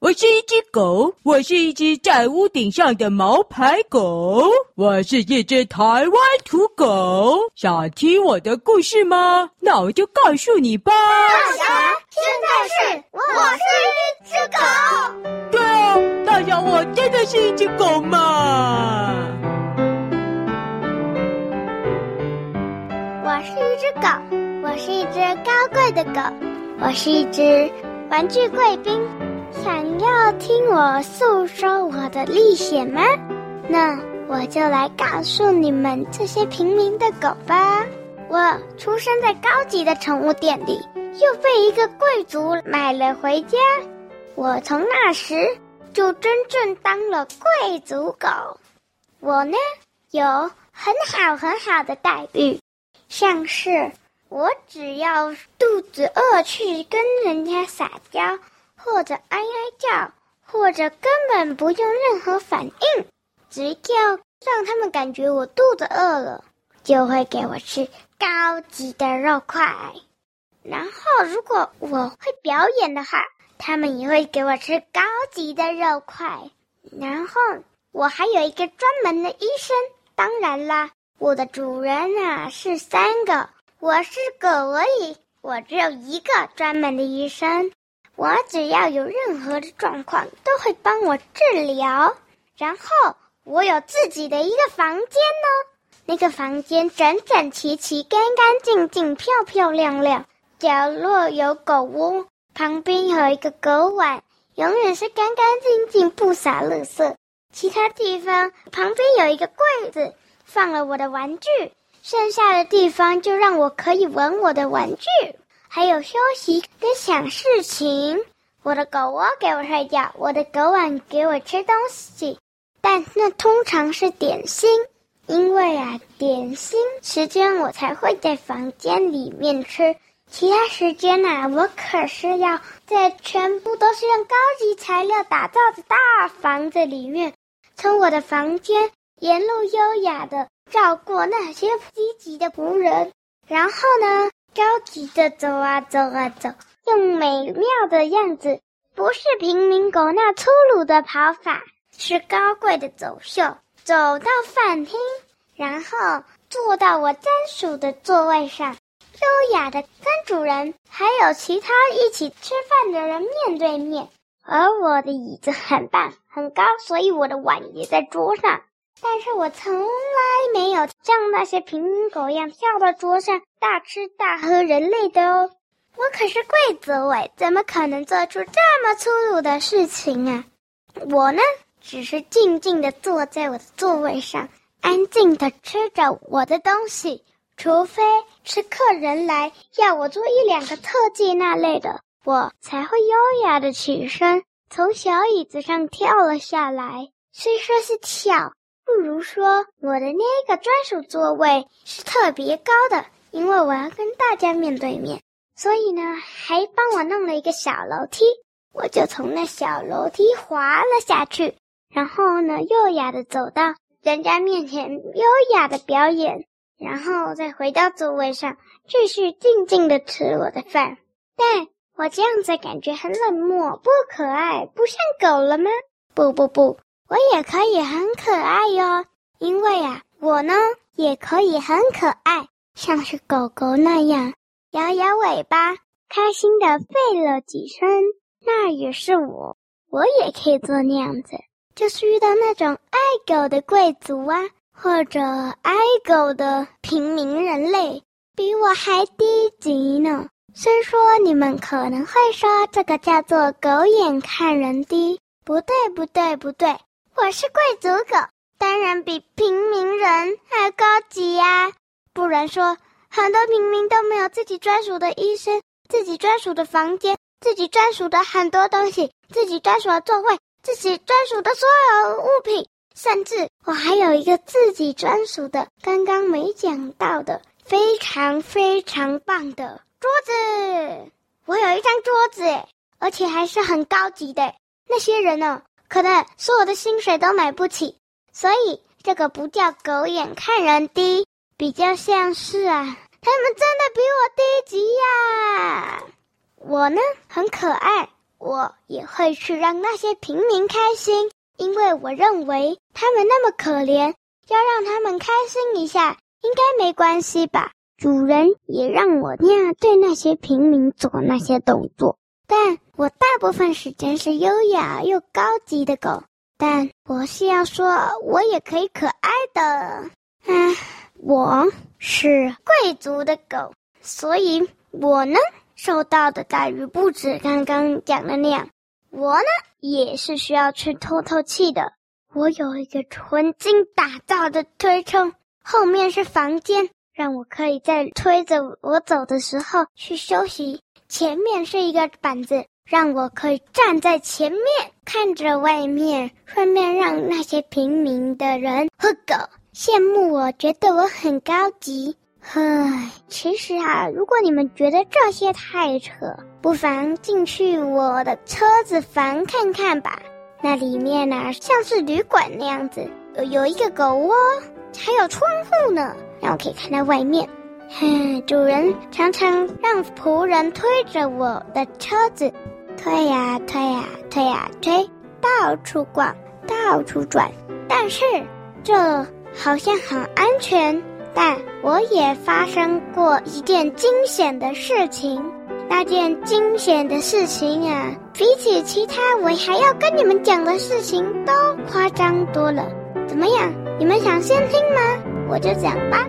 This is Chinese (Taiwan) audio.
我是一隻狗，我是一隻在屋頂上的毛牌狗，我是一隻台灣土狗。想聽我的故事嗎？那我就告訴你吧。大俠，現在是，我是一隻狗。對啊，大俠，我真的是一隻狗嗎？我是一隻狗，我是一隻高貴的狗，我是一隻玩具貴賓。想要聽我訴說我的歷險嗎？那我就來告訴你們這些平民的狗吧。我出生在高級的寵物店裡，又被一個貴族買了回家。我從那時就真正當了貴族狗。我呢，有很好很好的待遇，像是我只要肚子餓，去跟人家撒嬌。或者哀哀叫，或者根本不用任何反應，直接讓他們感覺我肚子餓了，就會給我吃高級的肉塊。然後，如果我會表演的話，他們也會給我吃高級的肉塊。然後，我還有一個專門的醫生。當然啦，我的主人啊是三個，我是狗而已，我只有一個專門的醫生。我只要有任何的狀況，都會幫我治療。然後我有自己的一個房間哦。那個房間整整齊齊、乾乾淨淨、漂漂亮亮。角落有狗窩，旁邊有一個狗碗，永遠是乾乾淨淨，不灑垃圾。其他地方旁邊有一個櫃子，放了我的玩具，剩下的地方就讓我可以玩我的玩具。還有休息跟想事情。我的狗窩、哦、給我睡覺，我的狗碗給我吃東西，但那通常是點心，因為啊，點心時間我才會在房間裡面吃，其他時間吶、啊，我可是要在全部都是用高級材料打造的大房子裡面，從我的房間沿路優雅的繞過那些低級的僕人，然後呢。高級的走啊走啊走，用美妙的樣子，不是平民狗那粗魯的跑法，是高貴的走秀。走到飯廳，然後坐到我專屬的座位上，優雅的跟主人還有其他一起吃飯的人面對面。而我的椅子很棒，很高，所以我的碗也在桌上。但是我從來沒有像那些平民狗一樣跳到桌上大吃大喝人類的哦。我可是貴族欸，怎麼可能做出這麼粗魯的事情啊？我呢，只是靜靜地坐在我的座位上，安靜地吃着我的東西。除非是客人來要我做一兩個特技那類的，我才會優雅地起身，從小椅子上跳了下來。雖說是跳。不如說，我的那個專屬座位是特別高的，因為我要跟大家面對面。所以呢，還幫我弄了一個小樓梯，我就從那小樓梯滑了下去，然後呢，優雅的走到人家面前，優雅的表演，然後再回到座位上，繼續靜靜的吃我的飯。但我這樣子感覺很冷漠，不可愛，不像狗了嗎？不不不。我也可以很可愛喲、哦，因為啊，我呢也可以很可愛，像是狗狗那樣搖搖尾巴，開心的吠了幾聲，那也是我，我也可以做那樣子。就是遇到那種愛狗的貴族啊，或者愛狗的平民人類，比我還低級呢。雖說你們可能會說這個叫做“狗眼看人低”，不對，不對，不對。我是貴族狗，當然比平民人還高級呀，啊！不然說，很多平民都沒有自己專屬的醫生、自己專屬的房間、自己專屬的很多東西、自己專屬的座位、自己專屬的所有物品，甚至我還有一個自己專屬的，剛剛沒講到的，非常非常棒的桌子。我有一張桌子欸，而且還是很高級的。那些人呢、哦？可能是我的薪水都買不起，所以這個不叫狗眼看人低，比較像是啊，他們真的比我低級呀、啊。我呢很可愛，我也會去讓那些平民開心，因為我認為他們那麼可憐，要讓他們開心一下應該沒關係吧。主人也讓我那樣對那些平民做那些動作。但我大部分時間是優雅又高級的狗，但我是要說，我也可以可愛的。嗯，我是貴族的狗，所以我呢受到的待遇不止剛剛講的那樣。我呢也是需要去透透氣的。我有一個純金打造的推車，後面是房間，讓我可以在推着我走的時候去休息。前面是一個板子，讓我可以站在前面看着外面，順便讓那些平民的人和狗羨慕我，覺得我很高級。唉，其實啊，如果你們覺得這些太扯，不妨進去我的車子房看看吧。那裡面呢、啊，像是旅館那樣子，有，有一個狗窩，還有窗戶呢，讓我可以看到外面。哼，主人常常讓僕人推着我的車子，推呀、啊、推呀、啊、推呀、啊、推，到處逛，到處轉。但是，這好像很安全。但我也發生過一件驚險的事情。那件驚險的事情啊，比起其他我還要跟你們講的事情都誇張多了。怎麼樣？你們想先聽嗎？我就講吧。